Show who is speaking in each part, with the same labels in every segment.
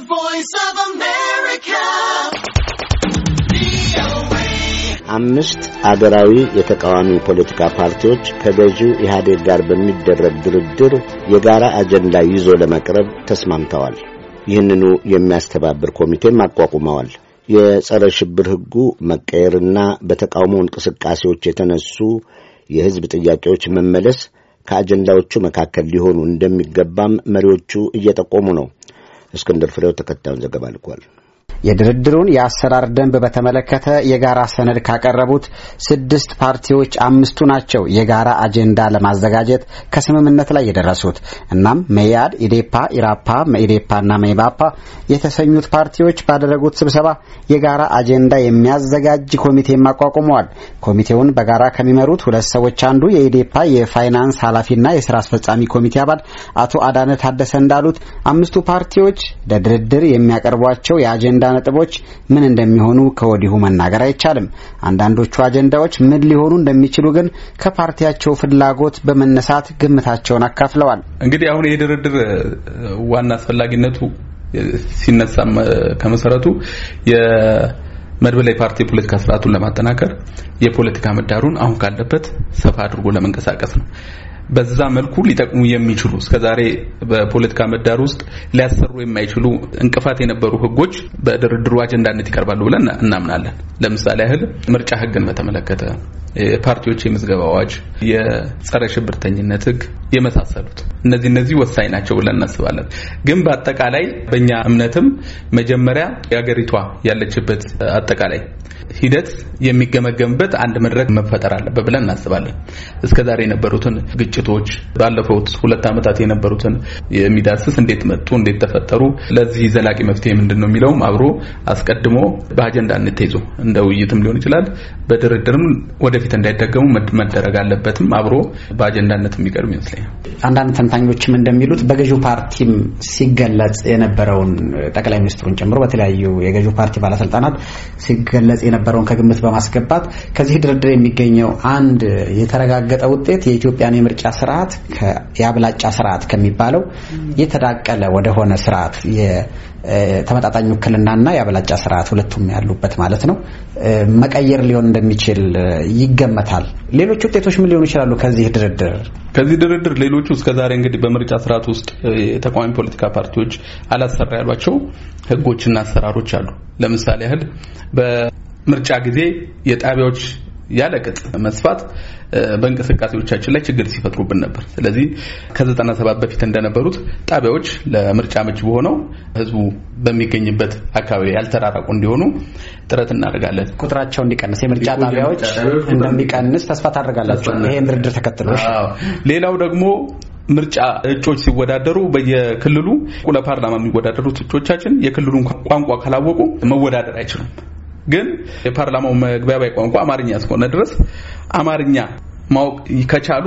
Speaker 1: The Voice አምስት አገራዊ የተቃዋሚ ፖለቲካ ፓርቲዎች ከገዢው ኢህአዴግ ጋር በሚደረግ ድርድር የጋራ አጀንዳ ይዞ ለመቅረብ ተስማምተዋል። ይህንኑ የሚያስተባብር ኮሚቴም አቋቁመዋል። የጸረ ሽብር ሕጉ መቀየርና በተቃውሞ እንቅስቃሴዎች የተነሱ የሕዝብ ጥያቄዎች መመለስ ከአጀንዳዎቹ መካከል ሊሆኑ እንደሚገባም መሪዎቹ እየጠቆሙ ነው። እስክንድር ፍሬው ተከታዩን ዘገባ ልኳል። የድርድሩን የአሰራር ደንብ በተመለከተ የጋራ ሰነድ ካቀረቡት ስድስት ፓርቲዎች አምስቱ ናቸው የጋራ አጀንዳ ለማዘጋጀት ከስምምነት ላይ የደረሱት። እናም መያድ፣ ኢዴፓ፣ ኢራፓ፣ መኢዴፓና መኢባፓ የተሰኙት ፓርቲዎች ባደረጉት ስብሰባ የጋራ አጀንዳ የሚያዘጋጅ ኮሚቴም አቋቁመዋል። ኮሚቴውን በጋራ ከሚመሩት ሁለት ሰዎች አንዱ የኢዴፓ የፋይናንስ ኃላፊና የስራ አስፈጻሚ ኮሚቴ አባል አቶ አዳነ ታደሰ እንዳሉት አምስቱ ፓርቲዎች ለድርድር የሚያቀርቧቸው የአጀንዳ ነጥቦች ምን እንደሚሆኑ ከወዲሁ መናገር አይቻልም። አንዳንዶቹ አጀንዳዎች ምን ሊሆኑ እንደሚችሉ ግን ከፓርቲያቸው ፍላጎት በመነሳት ግምታቸውን አካፍለዋል።
Speaker 2: እንግዲህ አሁን ይሄ ድርድር ዋና አስፈላጊነቱ ሲነሳ ከመሰረቱ መድበላዊ ፓርቲ የፖለቲካ ስርዓቱን ለማጠናከር የፖለቲካ ምህዳሩን አሁን ካለበት ሰፋ አድርጎ ለመንቀሳቀስ ነው። በዛ መልኩ ሊጠቅሙ የሚችሉ እስከዛሬ በፖለቲካ ምህዳር ውስጥ ሊያሰሩ የማይችሉ እንቅፋት የነበሩ ህጎች በድርድሩ አጀንዳነት ይቀርባሉ ብለን እናምናለን። ለምሳሌ ያህል ምርጫ ህግን በተመለከተ የፓርቲዎች የምዝገባ አዋጅ፣ የጸረ ሽብርተኝነት ህግ የመሳሰሉት እነዚህ እነዚህ ወሳኝ ናቸው ብለን እናስባለን። ግን በአጠቃላይ በእኛ እምነትም መጀመሪያ የሀገሪቷ ያለችበት አጠቃላይ ሂደት የሚገመገምበት አንድ መድረክ መፈጠር አለበት ብለን እናስባለን። እስከ ዛሬ የነበሩትን ግጭቶች ባለፉት ሁለት ዓመታት የነበሩትን የሚዳስስ እንዴት መጡ፣ እንዴት ተፈጠሩ፣ ለዚህ ዘላቂ መፍትሄ ምንድን ነው የሚለውም አብሮ አስቀድሞ በአጀንዳ እንተይዞ እንደ ውይይትም ሊሆን ይችላል በድርድርም ወደፊት እንዳይደገሙ መደረግ አለበትም አብሮ በአጀንዳነት የሚቀርብ ይመስለኛል።
Speaker 1: አንዳንድ ተንታኞችም እንደሚሉት በገዢው ፓርቲም ሲገለጽ የነበረውን ጠቅላይ ሚኒስትሩን ጨምሮ በተለያዩ የገዢው ፓርቲ ባለስልጣናት ሲገለጽ የነበረውን ከግምት በማስገባት ከዚህ ድርድር የሚገኘው አንድ የተረጋገጠ ውጤት የኢትዮጵያን የምርጫ ስርዓት የአብላጫ ስርዓት ከሚባለው የተዳቀለ ወደሆነ ስርዓት ተመጣጣኝ ውክልናና የአብላጫ ስርዓት ሁለቱም ያሉበት ማለት ነው መቀየር ሊሆን እንደሚችል ይገመታል። ሌሎች ውጤቶች ምን ሊሆኑ ይችላሉ? ከዚህ ድርድር
Speaker 2: ከዚህ ድርድር ሌሎቹ እስከዛሬ እንግዲህ በምርጫ ስርዓት ውስጥ የተቃዋሚ ፖለቲካ ፓርቲዎች አላሰራ ያሏቸው ህጎችና አሰራሮች አሉ። ለምሳሌ ያህል ምርጫ ጊዜ የጣቢያዎች ያለቅጥ መስፋት በእንቅስቃሴዎቻችን ላይ ችግር ሲፈጥሩብን ነበር። ስለዚህ ከዘጠና ሰባት በፊት እንደነበሩት ጣቢያዎች ለምርጫ ምቹ ሆነው ህዝቡ በሚገኝበት አካባቢ ያልተራራቁ እንዲሆኑ ጥረት እናደርጋለን። ቁጥራቸው እንዲቀንስ
Speaker 1: የምርጫ ጣቢያዎች እንደሚቀንስ ተስፋ ታደርጋላቸው። ይሄ ድርድር ተከትሎ?
Speaker 2: ሌላው ደግሞ ምርጫ እጮች ሲወዳደሩ በየክልሉ ለፓርላማ የሚወዳደሩት እጮቻችን የክልሉን ቋንቋ ካላወቁ መወዳደር አይችሉም። ግን የፓርላማው መግባቢያ ቋንቋ አማርኛ እስከሆነ ድረስ አማርኛ ማወቅ ከቻሉ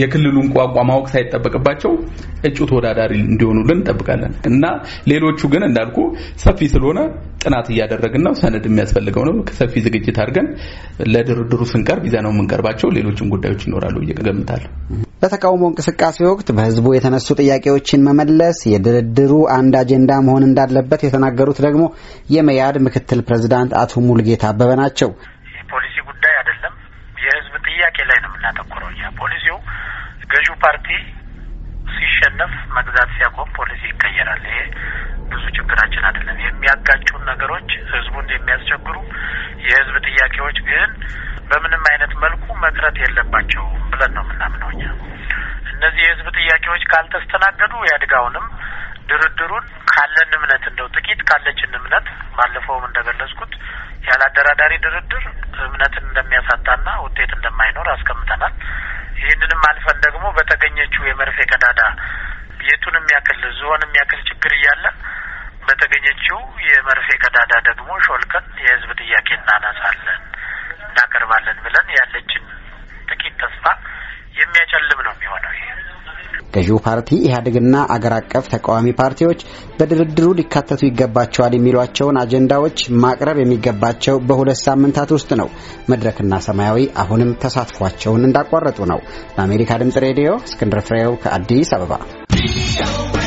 Speaker 2: የክልሉን ቋንቋ ማወቅ ሳይጠበቅባቸው እጩ ተወዳዳሪ እንዲሆኑልን እንጠብቃለን እና ሌሎቹ ግን እንዳልኩ ሰፊ ስለሆነ ጥናት እያደረግን ነው። ሰነድ የሚያስፈልገው ነው። ሰፊ ዝግጅት አድርገን ለድርድሩ ስንቀርብ ይዘነው የምንቀርባቸው ሌሎችም ጉዳዮች ይኖራሉ ብዬ እገምታለሁ።
Speaker 1: በተቃውሞ እንቅስቃሴ ወቅት በህዝቡ የተነሱ ጥያቄዎችን መመለስ የድርድሩ አንድ አጀንዳ መሆን እንዳለበት የተናገሩት ደግሞ የመያድ ምክትል ፕሬዚዳንት አቶ ሙልጌታ አበበ ናቸው።
Speaker 3: ፖሊሲ ጉዳይ አይደለም፣ የህዝብ ጥያቄ ላይ ነው የምናተኩረው። እኛ ፖሊሲው ገዢው ፓርቲ ሲሸነፍ መግዛት ሲያቆም ፖሊሲ ይቀየራል። ይሄ ብዙ ችግራችን አይደለም። የሚያጋጩን ነገሮች፣ ህዝቡን የሚያስቸግሩ የህዝብ ጥያቄዎች ግን በምንም አይነት መልኩ መቅረት የለባቸውም ብለን ነው የምናምነው እኛ። እነዚህ የህዝብ ጥያቄዎች ካልተስተናገዱ ያድጋውንም ድርድሩን ካለን እምነት እንደው ጥቂት ካለችን እምነት ባለፈውም እንደገለጽኩት ያለ አደራዳሪ ድርድር እምነትን እንደሚያሳጣና ውጤት እንደማይኖር አስቀምጠናል። ይህንንም አልፈን ደግሞ በተገኘችው የመርፌ ቀዳዳ የቱን የሚያክል ዞን የሚያክል ችግር እያለ በተገኘችው የመርፌ ቀዳዳ ደግሞ ሾልከን የህዝብ ጥያቄ እናነሳለን። እናቀርባለን ብለን ያለችን ጥቂት ተስፋ የሚያጨልም ነው የሚሆነው። ይሄ
Speaker 1: ገዢው ፓርቲ ኢህአዴግና አገር አቀፍ ተቃዋሚ ፓርቲዎች በድርድሩ ሊካተቱ ይገባቸዋል የሚሏቸውን አጀንዳዎች ማቅረብ የሚገባቸው በሁለት ሳምንታት ውስጥ ነው። መድረክና ሰማያዊ አሁንም ተሳትፏቸውን እንዳቋረጡ ነው። ለአሜሪካ ድምጽ ሬዲዮ እስክንድር ፍሬው ከአዲስ አበባ